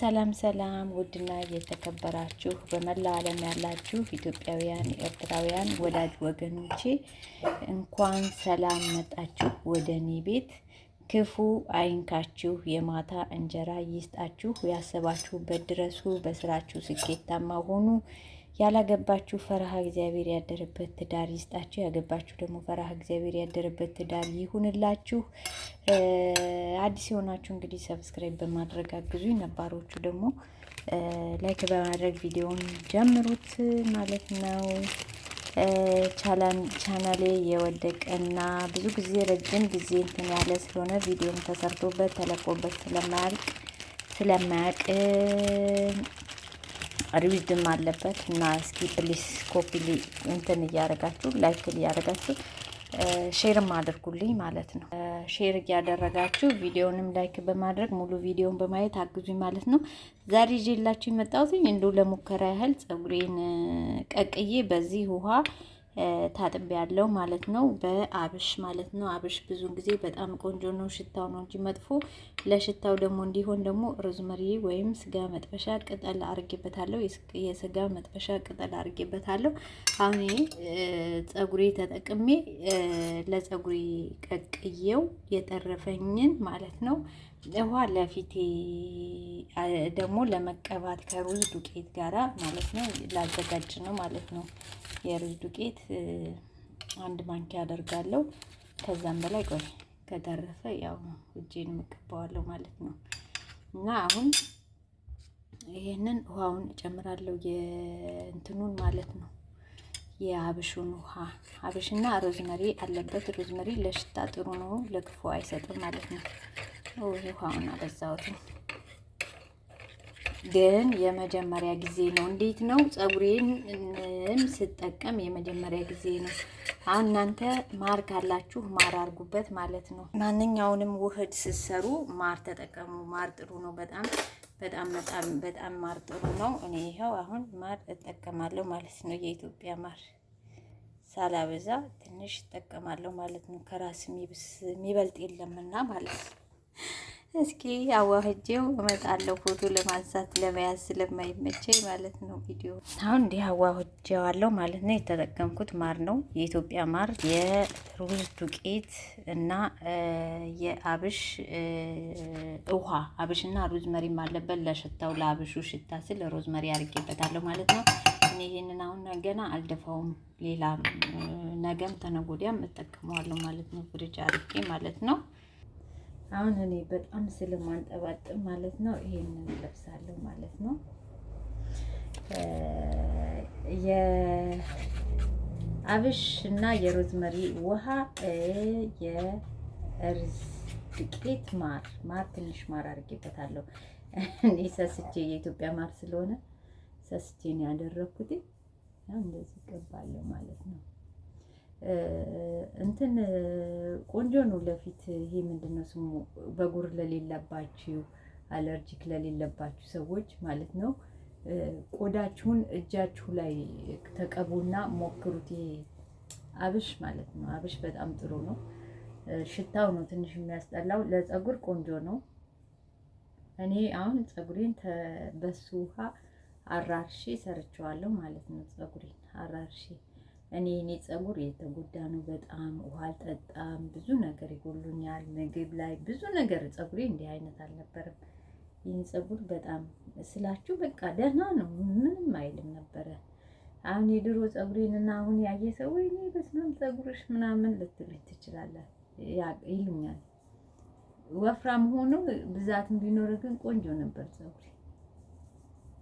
ሰላም ሰላም ውድና እየተከበራችሁ በመላው ዓለም ያላችሁ ኢትዮጵያውያን፣ ኤርትራውያን ወዳጅ ወገኖቼ እንኳን ሰላም መጣችሁ ወደ እኔ ቤት። ክፉ አይንካችሁ፣ የማታ እንጀራ ይስጣችሁ፣ ያሰባችሁበት ድረሱ፣ በስራችሁ ስኬታማ ሆኑ። ያላገባችሁ ፈረሃ እግዚአብሔር ያደረበት ትዳር ይስጣችሁ። ያገባችሁ ደግሞ ፈረሃ እግዚአብሔር ያደረበት ትዳር ይሁንላችሁ። አዲስ የሆናችሁ እንግዲህ ሰብስክራይብ በማድረግ አግዙ። ነባሮቹ ደግሞ ላይክ በማድረግ ቪዲዮውን ጀምሩት ማለት ነው። ቻናሌ የወደቀና ብዙ ጊዜ ረጅም ጊዜ እንትን ያለ ስለሆነ ቪዲዮም ተሰርቶበት ተለቆበት ስለማያልቅ ስለማያቅ ሪቪድም አለበት እና እስኪ ፕሊስ ኮፒ እንትን እያደረጋችሁ ላይክ እያደረጋችሁ ሼርም አድርጉልኝ ማለት ነው። ሼር እያደረጋችሁ ቪዲዮንም ላይክ በማድረግ ሙሉ ቪዲዮን በማየት አግዙኝ ማለት ነው። ዛሬ ይዤላችሁ የመጣሁት እንዲሁ ለሙከራ ያህል ጸጉሬን ቀቅዬ በዚህ ውሃ ታጥቤ ያለው ማለት ነው፣ በአብሽ ማለት ነው። አብሽ ብዙን ጊዜ በጣም ቆንጆ ነው፣ ሽታው ነው እንጂ መጥፎ። ለሽታው ደግሞ እንዲሆን ደግሞ ሮዝመሪ ወይም ስጋ መጥበሻ ቅጠል አርጌበታለሁ፣ የስጋ መጥበሻ ቅጠል አርጌበታለሁ። አሁን ጸጉሬ ተጠቅሜ ለጸጉሬ ቀቅዬው የተረፈኝን ማለት ነው ውሃ ለፊቴ ደግሞ ለመቀባት ከሩዝ ዱቄት ጋራ ማለት ነው ላዘጋጅ ነው ማለት ነው። የሩዝ ዱቄት አንድ ማንኪያ አደርጋለሁ። ከዛም በላይ ቆይ ከደረሰ ያው እጄን እቀባዋለሁ ማለት ነው። እና አሁን ይህንን ውሃውን እጨምራለሁ የእንትኑን ማለት ነው የአብሹን ውሃ አብሽና ሮዝመሪ አለበት። ሮዝመሪ ለሽታ ጥሩ ነው፣ ለክፉ አይሰጥም ማለት ነው። ውሃውን አበዛሁት። ግን የመጀመሪያ ጊዜ ነው። እንዴት ነው ጸጉሬንም ስጠቀም የመጀመሪያ ጊዜ ነው። እናንተ ማር ካላችሁ ማር አድርጉበት ማለት ነው። ማንኛውንም ውህድ ስትሰሩ ማር ተጠቀሙ። ማር ጥሩ ነው። በጣም በጣም በጣም በጣም ማር ጥሩ ነው። እኔ ይኸው አሁን ማር እጠቀማለሁ ማለት ነው። የኢትዮጵያ ማር ሳላበዛ ትንሽ እጠቀማለሁ ማለት ነው። ከራስ የሚበልጥ የለምና ማለት ነው። እስኪ አዋህጄው እመጣለሁ። ፎቶ ለማንሳት ለመያዝ ስለማይመቸኝ ማለት ነው። ቪዲዮ አሁን እንዲህ አዋህጄዋለሁ ማለት ነው። የተጠቀምኩት ማር ነው፣ የኢትዮጵያ ማር፣ የሩዝ ዱቄት እና የአብሽ ውሃ። አብሽና ሮዝመሪ አለበት ለሽታው፣ ለአብሹ ሽታ ስል ሮዝመሪ አድርጌበታለሁ ማለት ነው። እኔ ይህንን አሁን ገና አልደፋውም። ሌላ ነገም ተነጎዲያም እጠቀመዋለሁ ማለት ነው። ፍሪጅ አድርጌ ማለት ነው። አሁን እኔ በጣም ስለማንጠባጥብ ማለት ነው ይሄንን ለብሳለሁ ማለት ነው። የአብሽ እና የሮዝመሪ ውሃ፣ የእርዝ ዱቄት፣ ማር ማር ትንሽ ማር አድርጌበታለሁ። እኔ ሰስቼ የኢትዮጵያ ማር ስለሆነ ሰስቼን ነው ያደረኩት። እንደዚህ ይገባለሁ ማለት ነው። እንትን ቆንጆ ነው ለፊት። ይሄ ምንድነው ስሙ? በጉር ለሌለባችሁ አለርጂክ ለሌለባችሁ ሰዎች ማለት ነው። ቆዳችሁን እጃችሁ ላይ ተቀቡና ሞክሩት። ይሄ አብሽ ማለት ነው። አብሽ በጣም ጥሩ ነው። ሽታው ነው ትንሽ የሚያስጠላው። ለፀጉር ቆንጆ ነው። እኔ አሁን ፀጉሬን በሱ ውሃ አራርሼ ሰርቼዋለሁ ማለት ነው። ጸጉሬን አራርሼ እኔ እኔ ፀጉር የተጎዳ ነው በጣም ውሃ አልጠጣም፣ ብዙ ነገር ይጎሉኛል፣ ምግብ ላይ ብዙ ነገር ፀጉሬ እንዲህ አይነት አልነበረም። ይህን ፀጉር በጣም ስላችሁ በቃ ደህና ነው ምንም አይልም ነበረ። አሁን የድሮ ፀጉሬንና አሁን ያየ ሰው ወይኔ በስመ ጸጉርሽ ምናምን ልትሉኝ ትችላለህ፣ ይሉኛል። ወፍራም ሆኖ ብዛትም ቢኖር ግን ቆንጆ ነበር ፀጉሬ።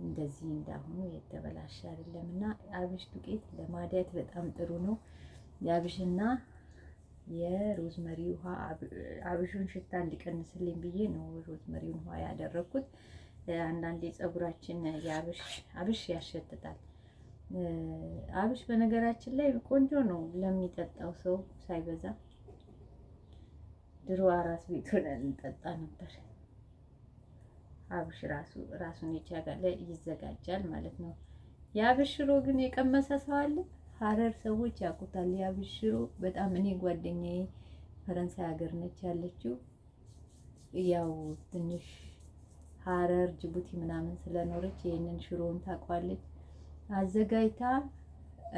እንደዚህ እንዳሁኑ የተበላሸ አይደለም እና አብሽ ዱቄት ለማዲያት በጣም ጥሩ ነው። የአብሽና የሮዝመሪ ውሃ አብሹን ሽታ እንዲቀንስልኝ ብዬ ነው ሮዝመሪውን ውሃ ያደረኩት። አንዳንዴ ፀጉራችን አብሽ ያሸትታል። አብሽ በነገራችን ላይ ቆንጆ ነው ለሚጠጣው ሰው ሳይበዛ። ድሮ አራስ ቤት ሆነን እንጠጣ ነበር። አብሽ ራሱ ራሱን የቻለ ይዘጋጃል ማለት ነው። የአብሽ ሽሮ ግን የቀመሰ ሰው አለ? ሀረር ሰዎች ያውቁታል። ያብሽሮ ሽሮ በጣም እኔ ጓደኛዬ ፈረንሳይ ሀገር ነች ያለችው ያው ትንሽ ሀረር ጅቡቲ ምናምን ስለኖረች ይህንን ሽሮውን ታውቋለች። አዘጋጅታ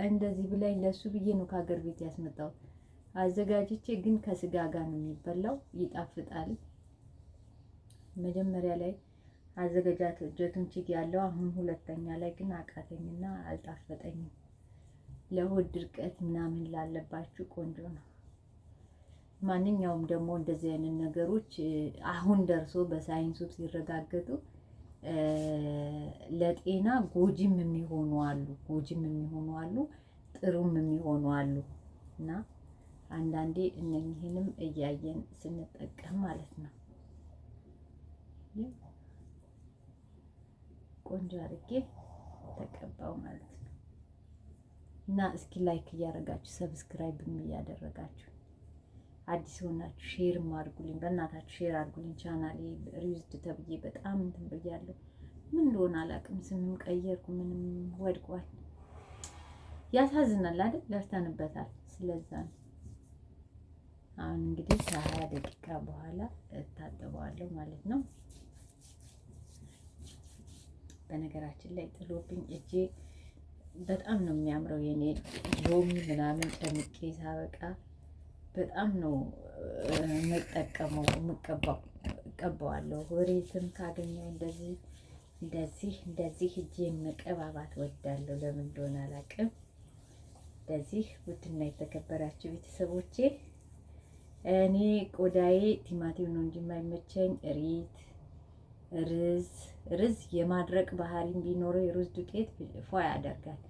እንደዚህ ብላኝ ለሱ ብዬ ነው ከሀገር ቤት ያስመጣው። አዘጋጅቼ ግን ከስጋ ጋር ነው የሚበላው፣ ይጣፍጣል መጀመሪያ ላይ አዘገጃጀቱን ችግ ያለው አሁን ሁለተኛ ላይ ግን አቃተኝና አልጣፈጠኝም። ለሆድ ድርቀት ምናምን ላለባችሁ ቆንጆ ነው። ማንኛውም ደግሞ እንደዚህ አይነት ነገሮች አሁን ደርሶ በሳይንሱ ሲረጋገጡ ለጤና ጎጂም የሚሆኑ አሉ፣ ጎጂም የሚሆኑ አሉ፣ ጥሩም የሚሆኑ አሉ። እና አንዳንዴ እነኝህንም እያየን ስንጠቀም ማለት ነው። ቆንጆ አድርጌ ተቀባው ማለት ነው። እና እስኪ ላይክ እያደረጋችሁ ሰብስክራይብም እያደረጋችሁ አዲስ የሆናችሁ ሼርም አድርጉልኝ፣ በእናታችሁ ሼር አድርጉልኝ። ቻናሌ ሪዝድ ተብዬ በጣም እንትን ብያለሁ። ምን እንደሆነ አላውቅም። ስምም ቀየርኩ፣ ምንም ወድቋል። ያሳዝናል አይደል? ለፍተንበታል። ስለዛ ነው። አሁን እንግዲህ ከሀያ ደቂቃ በኋላ እታጠበዋለሁ ማለት ነው። በነገራችን ላይ ጥሎብኝ እጄ በጣም ነው የሚያምረው። የኔ ሎሚ ምናምን ጨምቄ ሳበቃ በጣም ነው የምጠቀመው። የምቀባው እቀባዋለሁ። ወሬትም ካገኘው እንደዚህ እንደዚህ እንደዚህ እጄን መቀባባት ወዳለሁ። ለምን እንደሆነ አላውቅም። እንደዚህ ውድና የተከበራችሁ ቤተሰቦቼ እኔ ቆዳዬ ቲማቲም ነው እንጂ የማይመቸኝ እሪት ርዝ ርዝ የማድረቅ ባህሪም ቢኖረው የሩዝ ዱቄት ፏ ያደርጋል።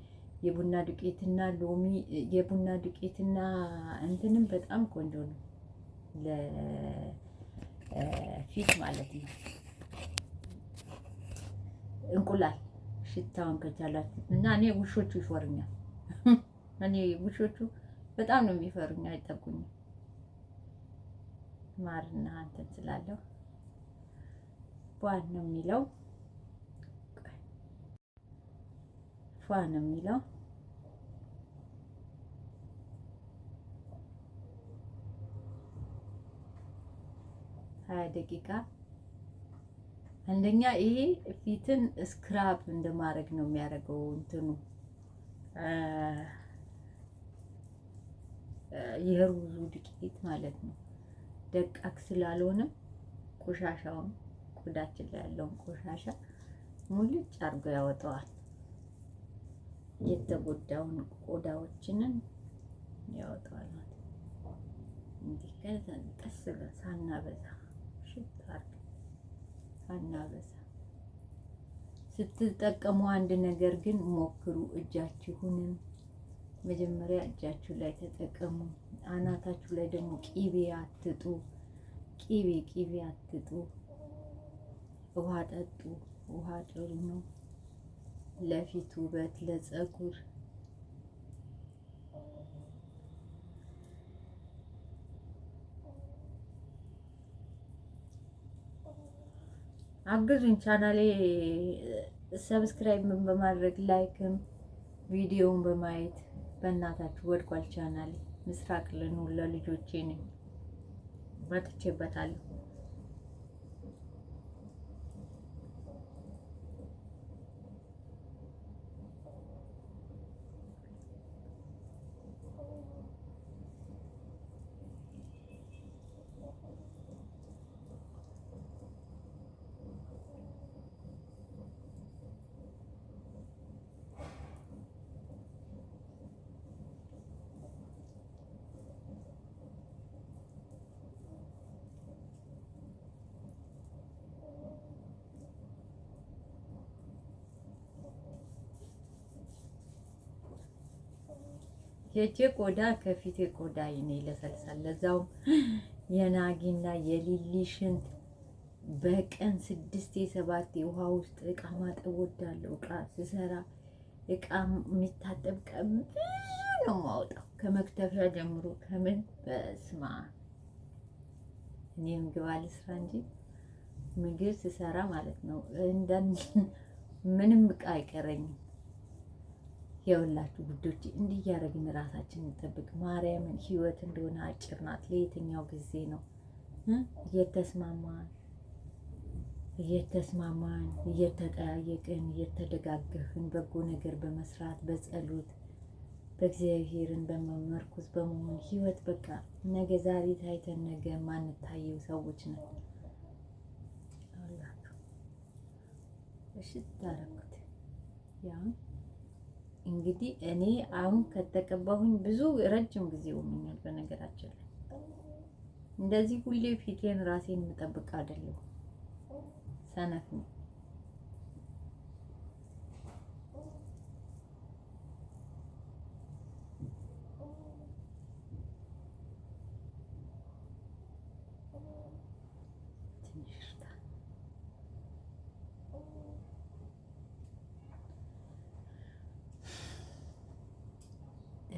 የቡና ዱቄትና ሎሚ የቡና ዱቄትና እንትንም በጣም ቆንጆ ነው ለፊት ማለት ነው። እንቁላል ሽታውን ከቻላችሁ እና እኔ ውሾቹ ይፈሩኛል። እኔ ውሾቹ በጣም ነው የሚፈሩኝ፣ አይጠጉኝም። ማርና እንትን ስላለሁ ፏን ነው የሚለው ፏ ነው የሚለው ሀያ ደቂቃ አንደኛ ይሄ ፊትን ስክራብ እንደማድረግ ነው የሚያደርገው። እንትኑ የሩዙ ዱቄት ማለት ነው። ደቃቅ ስላልሆነ ቆሻሻውን ቆዳችን ላይ ያለውን ቆሻሻ ሙልጭ አድርጎ ያወጣዋል። የተጎዳውን ቆዳዎችንን ያወጣዋል ማለት እንዲህ ቀስ ብለን ሳናበዛ ሽታር ሳናበዛ ስትጠቀሙ አንድ ነገር ግን ሞክሩ። እጃችሁንም መጀመሪያ እጃችሁ ላይ ተጠቀሙ። አናታችሁ ላይ ደግሞ ቂቤ አትጡ። ቂቤ ቂቤ አትጡ። ውሃ ጠጡ። ውሃ ጥሩ ነው ለፊት ውበት፣ ለጸጉር አግዙኝ። ቻናሌ ሰብስክራይብን በማድረግ ላይክም ቪዲዮውን በማየት በእናታችሁ ወድቋል። ቻናሌ ምስራቅ ልኑር ለልጆቼ ነኝ መጥቼበታለሁ። የእጄ ቆዳ ከፊቴ ቆዳ ይኔ ይለሰልሳል። ለዛውም የናጊና የሊሊ ሽንት በቀን ስድስቴ ሰባቴ ውሃ ውስጥ እቃ ማጠብ ወዳለሁ። እቃ ስሰራ እቃ የሚታጠብ ቀን ነው ማውጣው ከመክተፊያ ጀምሮ ከምን በስማ እኔ ምግብ አልስራ እንጂ ምግብ ስሰራ ማለት ነው እንደ ምንም እቃ አይቀረኝም። የወላችሁ ጉዶች እንዲህ እያደረግን ራሳችን እንጠብቅ። ማርያምን ህይወት እንደሆነ አጭር ናት። ለየትኛው ጊዜ ነው እየተስማማን እየተስማማን እየተጠያየቅን እየተደጋገፍን በጎ ነገር በመስራት በጸሎት በእግዚአብሔርን በመመርኮዝ በመሆን ህይወት በቃ ነገ ዛሬ ታይተን ነገ ማንታየው ሰዎች ነው። እሺ ታረኩት ያ እንግዲህ እኔ አሁን ከተቀባሁኝ ብዙ ረጅም ጊዜ ሆኖኛል። በነገራችን ላይ እንደዚህ ሁሌ ፊቴን ራሴን የምጠብቅ አይደለሁም፣ ሰነፍ ነው።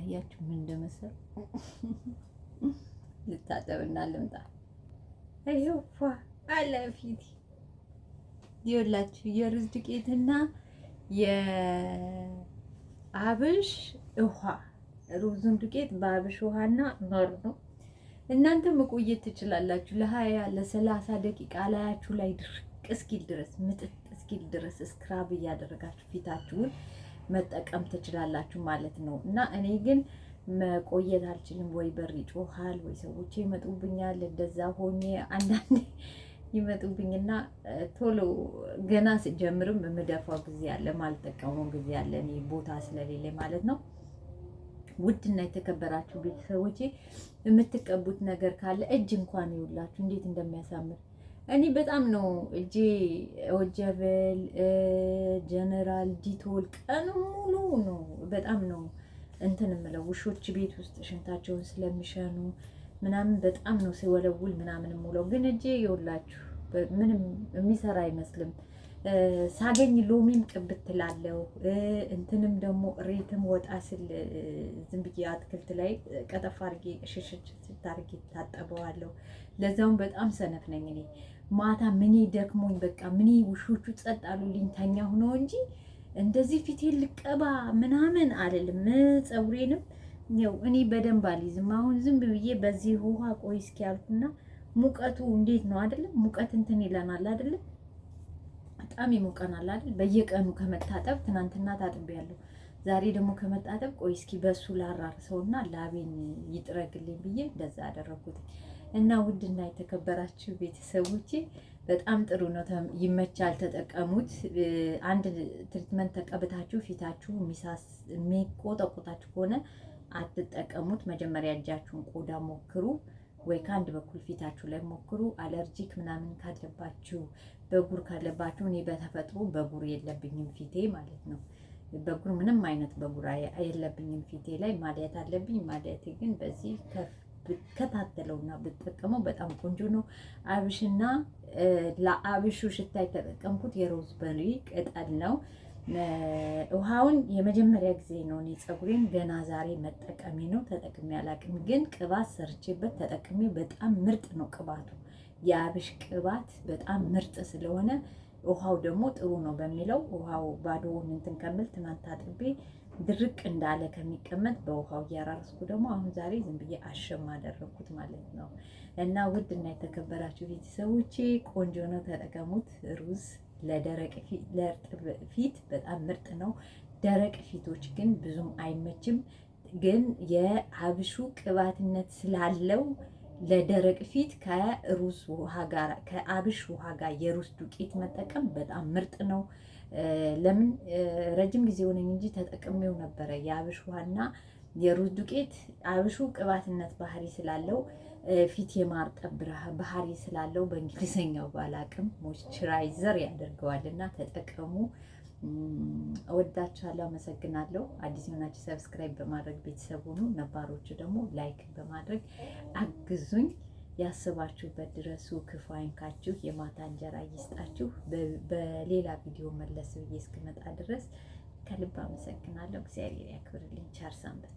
አያችሁ ምን እንደመሰሉ። ልታጠብና ልምጣ። ይኸው ፏ አለ ፊት ይኸውላችሁ፣ የሩዝ ዱቄትና የአብሽ ውሃ ሩዙን ዱቄት በአብሽ ውሃና ኖር ነው። እናንተ መቆየት ትችላላችሁ። ለሀያ ለሰላሳ ደቂቃ ላያችሁ ላይ ድርቅ እስኪል ድረስ ምጥጥ እስኪል ድረስ እስክራብ እያደረጋችሁ ፊታችሁን መጠቀም ትችላላችሁ ማለት ነው እና እኔ ግን መቆየት አልችልም። ወይ በር ይጮሃል፣ ወይ ሰዎች ይመጡብኛል። እንደዛ ሆኜ አንዳንዴ ይመጡብኝና ቶሎ ገና ስጀምርም የምደፋው ጊዜ አለ፣ ማልጠቀመው ጊዜ አለ። እኔ ቦታ ስለሌለ ማለት ነው። ውድና የተከበራችሁ ቤተሰቦቼ የምትቀቡት ነገር ካለ እጅ እንኳን ይውላችሁ እንዴት እንደሚያሳምር እኔ በጣም ነው እጄ ወጀበል ጀነራል ዲቶል ቀን ሙሉ ነው። በጣም ነው እንትን ምለው ውሾች ቤት ውስጥ ሽንታቸውን ስለሚሸኑ ምናምን በጣም ነው ሲወለውል ምናምን ሙለው። ግን እጄ ይውላችሁ ምንም የሚሰራ አይመስልም። ሳገኝ ሎሚም ቅብት ትላለው እንትንም ደግሞ ሬትም ወጣ ስል ዝም ብዬ አትክልት ላይ ቀጠፍ አድርጌ ሽሽች ስታርጌ ታጠበዋለሁ። ለዛውም በጣም ሰነፍ ነኝ እኔ። ማታ ምኔ ደክሞኝ በቃ ምኔ ውሾቹ ጸጥ አሉልኝ ተኛሁ ነው እንጂ እንደዚህ ፊቴን ልቀባ ምናምን አልልም። ፀጉሬንም ያው እኔ በደንብ አልይዝም። አሁን ዝም ብዬ በዚህ ውሃ ቆይ እስኪ ያልኩና ሙቀቱ እንዴት ነው አይደለም? ሙቀት እንትን ይለናል አይደለም? በጣም ይሞቀናል አይደል? በየቀኑ ከመታጠብ ትናንትና ታጥቤያለሁ። ዛሬ ደግሞ ከመታጠብ ቆይ እስኪ በሱ ላራርሰውና ላቤን ይጥረግልኝ ብዬ እንደዛ አደረኩት። እና ውድና የተከበራችሁ ቤተሰቦቼ በጣም ጥሩ ነው፣ ይመቻል፣ ተጠቀሙት። አንድ ትሪትመንት ተቀብታችሁ ፊታችሁ የሚቆጠቁጣችሁ ከሆነ አትጠቀሙት። መጀመሪያ እጃችሁን ቆዳ ሞክሩ፣ ወይ ከአንድ በኩል ፊታችሁ ላይ ሞክሩ። አለርጂክ ምናምን ካለባችሁ፣ በጉር ካለባችሁ፣ እኔ በተፈጥሮ በጉር የለብኝም ፊቴ ማለት ነው በጉር ምንም አይነት በጉር የለብኝም ፊቴ ላይ ማለያት አለብኝ። ማለያቴ ግን በዚህ ከፍ ብከታተለውና ብጠቀመው በጣም ቆንጆ ነው። አብሽና ለአብሹ ሽታ የተጠቀምኩት የሮዝበሪ ቅጠል ነው። ውሃውን የመጀመሪያ ጊዜ ነው እኔ ፀጉሬን ገና ዛሬ መጠቀሜ ነው። ተጠቅሜ አላቅም፣ ግን ቅባት ሰርቼበት ተጠቅሜ በጣም ምርጥ ነው ቅባቱ። የአብሽ ቅባት በጣም ምርጥ ስለሆነ ውሃው ደግሞ ጥሩ ነው በሚለው ውሃው ባዶውን እንትን ከምል ትናንት አጥቤ ድርቅ እንዳለ ከሚቀመጥ በውሃው እያራረስኩ ደግሞ አሁን ዛሬ ዝም ብዬ አሸም አደረግኩት ማለት ነው። እና ውድ እና የተከበራችሁ ቤተሰቦቼ ቆንጆ ነው፣ ተጠቀሙት። ሩዝ ለደረቅ ለእርጥብ ፊት በጣም ምርጥ ነው። ደረቅ ፊቶች ግን ብዙም አይመችም። ግን የሀብሹ ቅባትነት ስላለው ለደረቅ ፊት ከሩዝ ውሃ ጋር ከአብሽ ውሃ ጋር የሩዝ ዱቄት መጠቀም በጣም ምርጥ ነው። ለምን ረጅም ጊዜ ሆነኝ እንጂ ተጠቅሜው ነበረ የአብሽ ውሃና የሩዝ ዱቄት። አብሹ ቅባትነት ባህሪ ስላለው ፊት የማርጠብ ባህሪ ስላለው በእንግሊዝኛው ባላቅም ሞይስቸራይዘር ያደርገዋል እና ተጠቀሙ። እወዳችኋለሁ። አመሰግናለሁ። አዲስ የሆናችሁ ሰብስክራይብ በማድረግ ቤተሰብ ሁኑ። ነባሮቹ ደግሞ ላይክ በማድረግ አግዙኝ። ያስባችሁበት ድረሱ። ክፉ አይንካችሁ፣ የማታ እንጀራ ይስጣችሁ። በሌላ ቪዲዮ መለስ ብዬ እስክመጣ ድረስ ከልብ አመሰግናለሁ። እግዚአብሔር ያክብርልኝ። ቻር ሰንብቱ።